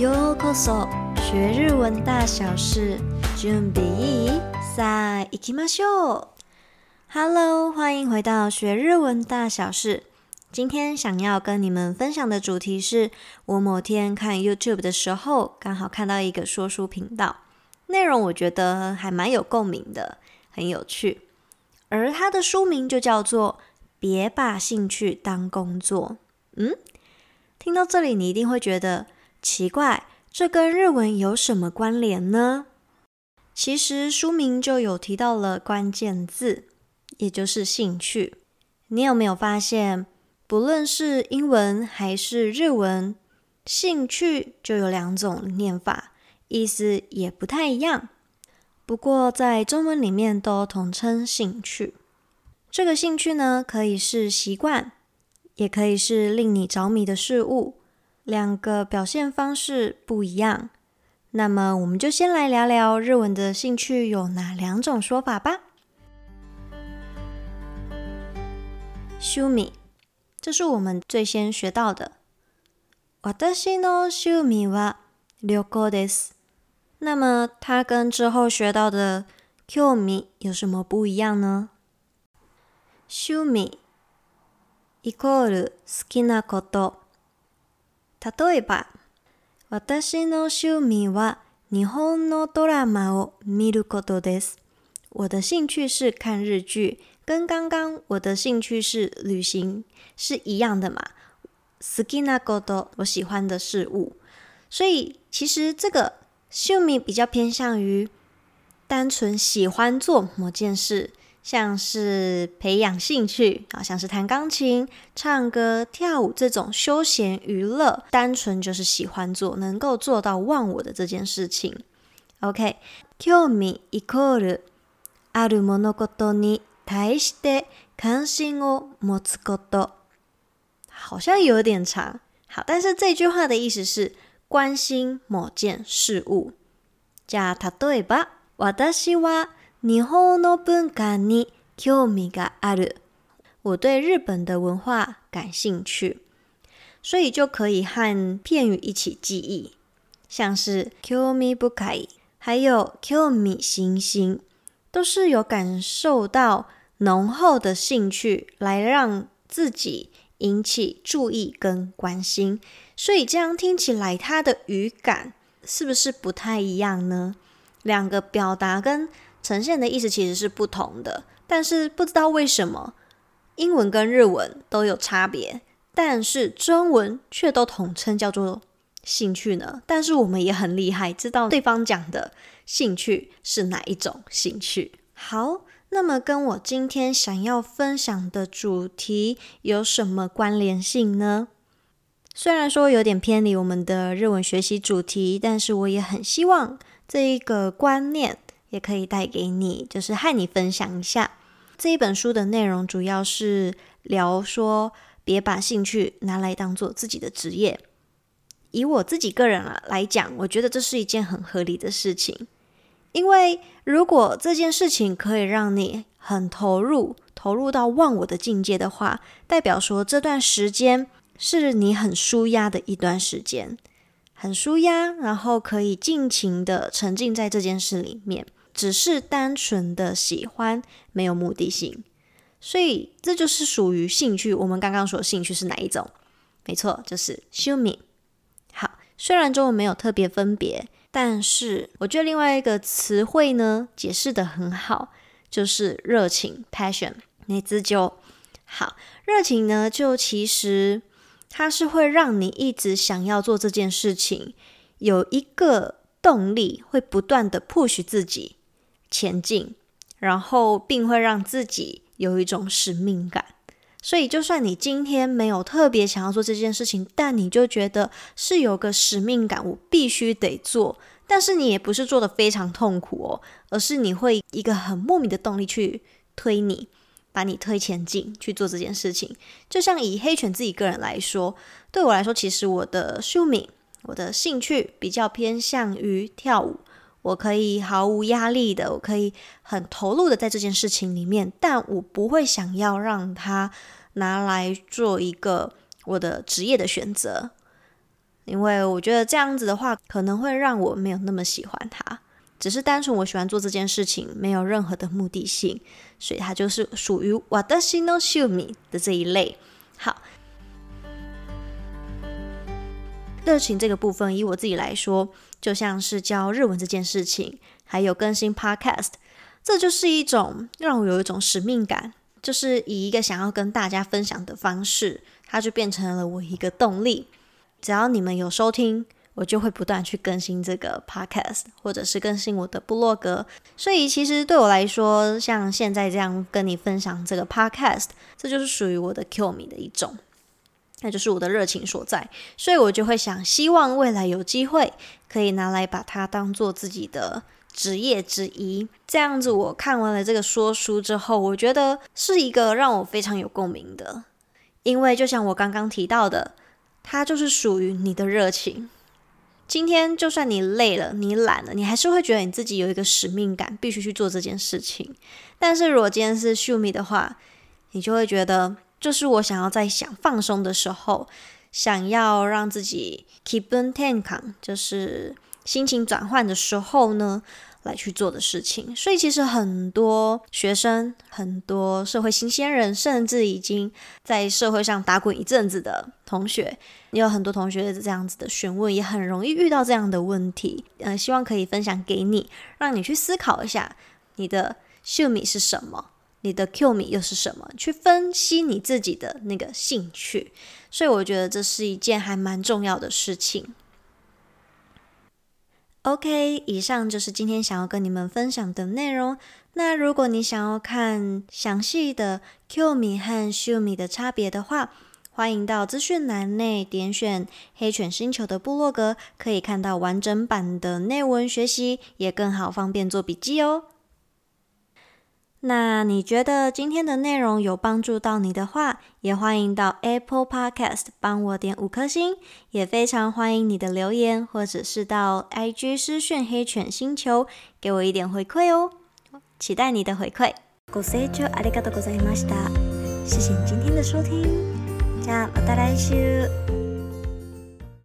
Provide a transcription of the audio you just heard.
ようこそ學日文大小事，準備，さあ行きましょう。Hello，歡迎回到學日文大小事。今天想要跟你們分享的主題是，我某天看 YouTube 的時候，剛好看到一個說書頻道，內容我覺得還蠻有共鳴的，很有趣。而它的書名就叫做《別把興趣當工作》。嗯，聽到這裡你一定會覺得，奇怪，這跟日文有什麼關聯呢？其實書名就有提到了關鍵字，也就是興趣。你有沒有發現，不論是英文還是日文，興趣就有兩種念法，意思也不太一樣。不過在中文裡面都統稱興趣。這個興趣呢，可以是習慣，也可以是令你着迷的事物。兩個表現方式不一樣，那麼我們就先來聊聊日文的興趣有哪兩種說法吧。趣味，這是我們最先學到的。私の趣味は旅行です。那麼它跟之後學到的興味有什麼不一樣呢？趣味イコール好きなこと。例えば，私の趣味は日本のドラマを見ることです。我的興趣是看日劇，跟剛剛我的興趣是旅行是一樣的嘛？好きなこと，我喜歡的事物。所以其實這個趣味比較偏向於單純喜歡做某件事。像是培養興趣啊，像是彈鋼琴、唱歌、跳舞這種休閒娛樂，單純就是喜歡做能夠做到忘我的這件事情。OK，興味イコールあるものごとに対して関心を持つこと。好像有點長，好，但是這句話的意思是關心某件事物。じゃあ、例えば私は。日本の文化に興味がある。我對日本的文化感興趣，所以就可以和片語一起記憶，像是興味深い，還有興味津々，都是有感受到濃厚的興趣來讓自己引起注意跟關心。所以這樣聽起來，它的語感是不是不太一樣呢？兩個表達跟。呈現的意思其實是不同的，但是不知道為什麼，英文跟日文都有差別，但是中文卻都統稱叫做興趣呢？但是我們也很厲害，知道對方講的興趣是哪一種興趣。好，那麼跟我今天想要分享的主題有什麼關聯性呢？雖然說有點偏離我們的日文學習主題，但是我也很希望這一個觀念。也可以帶給你，就是和你分享一下這一本書的內容。主要是聊說，別把興趣拿來當做自己的職業。以我自己個人啊來講，我覺得這是一件很合理的事情。因為如果這件事情可以讓你很投入，投入到忘我的境界的話，代表說這段時間是你很舒壓的一段時間，很舒壓，然後可以盡情的沉浸在這件事裡面。只是單純的喜歡，沒有目的性，所以這就是屬於興趣。我們剛剛說興趣是哪一種？沒錯，就是 shumi。好，雖然中文沒有特別分別，但是我覺得另外一個詞彙呢，解釋的很好，就是熱情 （passion）。那這就好，熱情呢就其實它是會讓你一直想要做這件事情，有一個動力，會不斷的 push 自己。前進，然後並會讓自己有一種使命感。所以，就算你今天沒有特別想要做這件事情，但你就覺得是有個使命感，我必須得做。但是你也不是做得非常痛苦哦，而是你會一個很莫名的動力去推你，把你推前進去做這件事情。就像以黑犬自己個人來說，對我來說，其實我的趣味、我的興趣比較偏向於跳舞。我可以毫無壓力的，我可以很投入的在這件事情裡面，但我不會想要讓他拿來做一個我的職業的選擇，因為我覺得這樣子的話可能會讓我沒有那麼喜歡他。只是單純我喜歡做這件事情，沒有任何的目的性，所以他就是屬於我的私の趣味的這一類。好。熱情這個部分，以我自己來說，就像是教日文這件事情，還有更新 Podcast，這就是一種讓我有一種使命感，就是以一個想要跟大家分享的方式，它就變成了我一個動力。只要你們有收聽，我就會不斷去更新這個 Podcast，或者是更新我的部落格。所以其實對我來說，像現在這樣跟你分享這個 Podcast，這就是屬於我的きょうみ的一種。那就是我的熱情所在，所以我就會想，希望未來有機會可以拿來把它當做自己的職業之一。這樣子，我看完了這個說書之後，我覺得是一個讓我非常有共鳴的，因為就像我剛剛提到的，它就是屬於你的熱情。今天就算你累了、你懶了，你還是會覺得你自己有一個使命感，必須去做這件事情。但是如果今天是秀米的話，你就會覺得。就是我想要在想放鬆的時候，想要讓自己 keep on t a n k 就是心情轉換的時候呢，來去做的事情。所以其實很多學生、很多社會新鮮人，甚至已經在社會上打滾一陣子的同學，也有很多同學這樣子的詢問，也很容易遇到這樣的問題。嗯、呃，希望可以分享給你，讓你去思考一下你的秀 u 是什麼。你的 Q 米又是什麼？去分析你自己的那個興趣，所以我覺得這是一件還蠻重要的事情。OK，以上就是今天想要跟你們分享的內容。那如果你想要看詳細的 Q 米和秀米的差別的話，歡迎到資訊欄內點選“黑犬星球”的部落格，可以看到完整版的內文學習，也更好方便做筆記哦。那你覺得今天的內容有幫助到你的話，也歡迎到 Apple Podcast 幫我點五顆星，也非常歡迎你的留言，或者是到 IG 私訊黑犬星球給我一點回饋哦，期待你的回饋。ご清聴ありがとうございました，謝謝今天的收聽，じゃあまた來週。